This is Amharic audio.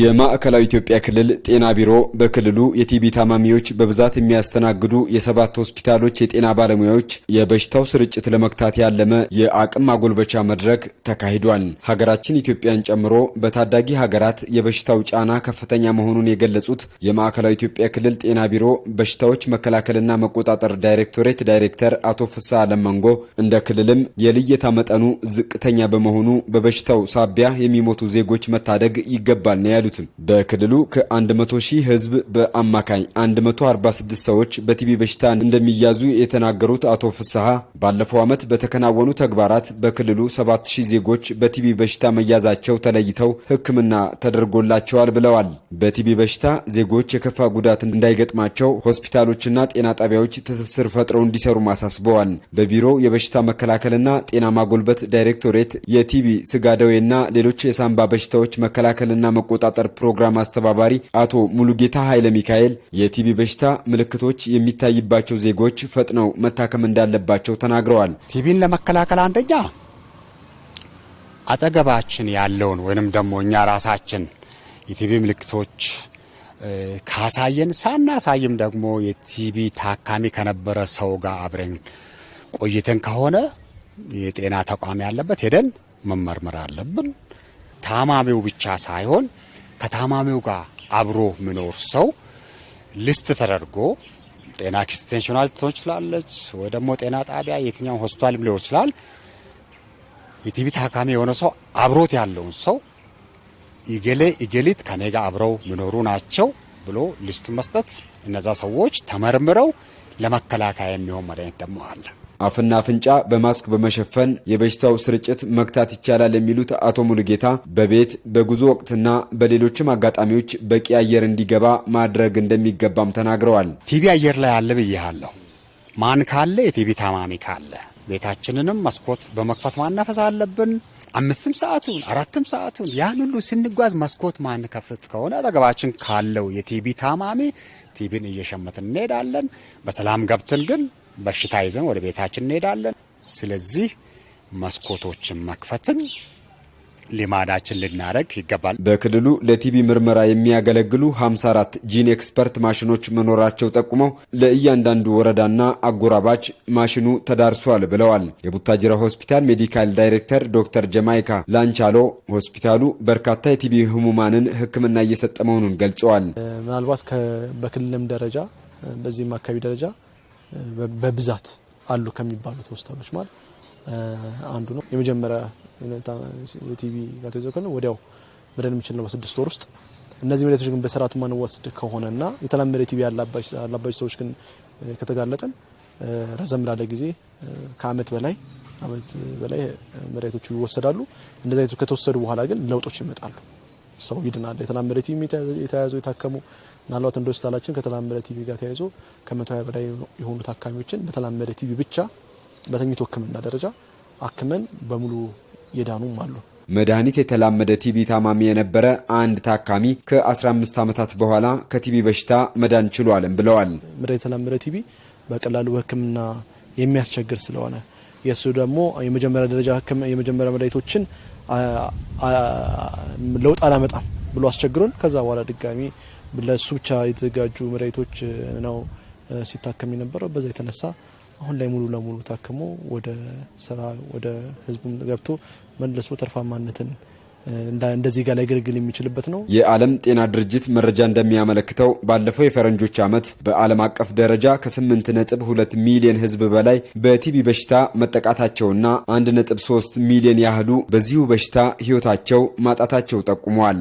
የማዕከላዊ ኢትዮጵያ ክልል ጤና ቢሮ በክልሉ የቲቢ ታማሚዎች በብዛት የሚያስተናግዱ የሰባት ሆስፒታሎች የጤና ባለሙያዎች የበሽታው ስርጭት ለመግታት ያለመ የአቅም ማጎልበቻ መድረክ ተካሂዷል። ሀገራችን ኢትዮጵያን ጨምሮ በታዳጊ ሀገራት የበሽታው ጫና ከፍተኛ መሆኑን የገለጹት የማዕከላዊ ኢትዮጵያ ክልል ጤና ቢሮ በሽታዎች መከላከልና መቆጣጠር ዳይሬክቶሬት ዳይሬክተር አቶ ፍሳ ለመንጎ እንደ ክልልም የልየታ መጠኑ ዝቅተኛ በመሆኑ በበሽታው ሳቢያ የሚሞቱ ዜጎች መታደግ ይገባል ነው ያሉትም በክልሉ ከ100 ሺህ ህዝብ በአማካኝ 146 ሰዎች በቲቢ በሽታ እንደሚያዙ የተናገሩት አቶ ፍስሐ ባለፈው ዓመት በተከናወኑ ተግባራት በክልሉ 7000 ዜጎች በቲቢ በሽታ መያዛቸው ተለይተው ሕክምና ተደርጎላቸዋል ብለዋል። በቲቢ በሽታ ዜጎች የከፋ ጉዳት እንዳይገጥማቸው ሆስፒታሎችና ጤና ጣቢያዎች ትስስር ፈጥረው እንዲሰሩ አሳስበዋል። በቢሮው የበሽታ መከላከልና ጤና ማጎልበት ዳይሬክቶሬት የቲቢ ስጋ ደዌና ሌሎች የሳንባ በሽታዎች መከላከልና መቆጣ መቆጣጠር ፕሮግራም አስተባባሪ አቶ ሙሉጌታ ኃይለ ሚካኤል የቲቢ በሽታ ምልክቶች የሚታይባቸው ዜጎች ፈጥነው መታከም እንዳለባቸው ተናግረዋል። ቲቢን ለመከላከል አንደኛ አጠገባችን ያለውን ወይንም ደግሞ እኛ ራሳችን የቲቢ ምልክቶች ካሳየን ሳናሳይም ደግሞ የቲቢ ታካሚ ከነበረ ሰው ጋር አብረን ቆይተን ከሆነ የጤና ተቋም ያለበት ሄደን መመርመር አለብን። ታማሚው ብቻ ሳይሆን ከታማሚው ጋር አብሮ ምኖር ሰው ሊስት ተደርጎ ጤና ኤክስቴንሽናል ትሆን ይችላለች ወይ ደግሞ ጤና ጣቢያ የትኛው ሆስፒታልም ሊሆን ይችላል። የቲቪ ታካሚ የሆነ ሰው አብሮት ያለውን ሰው ይገሌ ይገሊት ከኔ ጋር አብረው ምኖሩ ናቸው ብሎ ሊስቱን መስጠት፣ እነዛ ሰዎች ተመርምረው ለመከላከያ የሚሆን መድኃኒት ደግሞ አለ። አፍና አፍንጫ በማስክ በመሸፈን የበሽታው ስርጭት መግታት ይቻላል የሚሉት አቶ ሙሉጌታ በቤት በጉዞ ወቅትና በሌሎችም አጋጣሚዎች በቂ አየር እንዲገባ ማድረግ እንደሚገባም ተናግረዋል። ቲቪ አየር ላይ አለ ብያለሁ። ማን ካለ የቲቪ ታማሚ ካለ ቤታችንንም መስኮት በመክፈት ማናፈስ አለብን። አምስትም ሰዓቱን አራትም ሰዓቱን ያን ሁሉ ስንጓዝ መስኮት ማንከፍት ከሆነ አጠገባችን ካለው የቲቢ ታማሚ ቲቢን እየሸመትን እንሄዳለን። በሰላም ገብትን ግን በሽታ ይዘን ወደ ቤታችን እንሄዳለን። ስለዚህ መስኮቶችን መክፈትን ልማዳችን ልናደረግ ይገባል። በክልሉ ለቲቢ ምርመራ የሚያገለግሉ 54 ጂን ኤክስፐርት ማሽኖች መኖራቸው ጠቁመው ለእያንዳንዱ ወረዳና አጎራባች ማሽኑ ተዳርሷል ብለዋል። የቡታጅራ ሆስፒታል ሜዲካል ዳይሬክተር ዶክተር ጀማይካ ላንቻሎ ሆስፒታሉ በርካታ የቲቢ ህሙማንን ሕክምና እየሰጠ መሆኑን ገልጸዋል። ምናልባት በክልልም ደረጃ በዚህም አካባቢ ደረጃ በብዛት አሉ ከሚባሉት ሆስፒታሎች ማለት አንዱ ነው። የመጀመሪያ የቲቪ ጋር ተይዘው ከሆነ ወዲያው መደን የምችል ነው በስድስት ወር ውስጥ። እነዚህ መድኃኒቶች ግን በስርዓቱ ማንወስድ ከሆነና የተለመደ ቲቪ ያላባቸው ሰዎች ግን ከተጋለጠን ረዘም ላለ ጊዜ ከአመት በላይ አመት በላይ መድኃኒቶቹ ይወሰዳሉ። እንደዚህ አይነቱ ከተወሰዱ በኋላ ግን ለውጦች ይመጣሉ። ሰው ይድናል። የተላመደ ቲቪ የተያዙ የታከሙ ምናልባት እንደ ሆስፒታላችን ከተላመደ ቲቪ ጋር ተያይዞ ከመቶ ሀያ በላይ የሆኑ ታካሚዎችን በተላመደ ቲቪ ብቻ በተኝቶ ሕክምና ደረጃ አክመን በሙሉ የዳኑም አሉ። መድኃኒት የተላመደ ቲቢ ታማሚ የነበረ አንድ ታካሚ ከ15 ዓመታት በኋላ ከቲቢ በሽታ መዳን ችሏልም ብለዋል። መድኃኒት የተላመደ ቲቢ በቀላሉ ህክምና የሚያስቸግር ስለሆነ የእሱ ደግሞ የመጀመሪያ ደረጃ የመጀመሪያ መድኃኒቶችን ለውጥ አላመጣም ብሎ አስቸግሮን ከዛ በኋላ ድጋሚ ለሱ ብቻ የተዘጋጁ መድኃኒቶች ነው ሲታከም የነበረው። በዛ የተነሳ አሁን ላይ ሙሉ ለሙሉ ታክሞ ወደ ስራ ወደ ህዝቡም ገብቶ መልሶ ተርፋማነትን እንደዚህ ጋር ሊያገለግል የሚችልበት ነው። የዓለም ጤና ድርጅት መረጃ እንደሚያመለክተው ባለፈው የፈረንጆች ዓመት በዓለም አቀፍ ደረጃ ከ8 ነጥብ 2 ሚሊዮን ህዝብ በላይ በቲቢ በሽታ መጠቃታቸውና 1 ነጥብ 3 ሚሊዮን ያህሉ በዚሁ በሽታ ህይወታቸው ማጣታቸው ጠቁመዋል።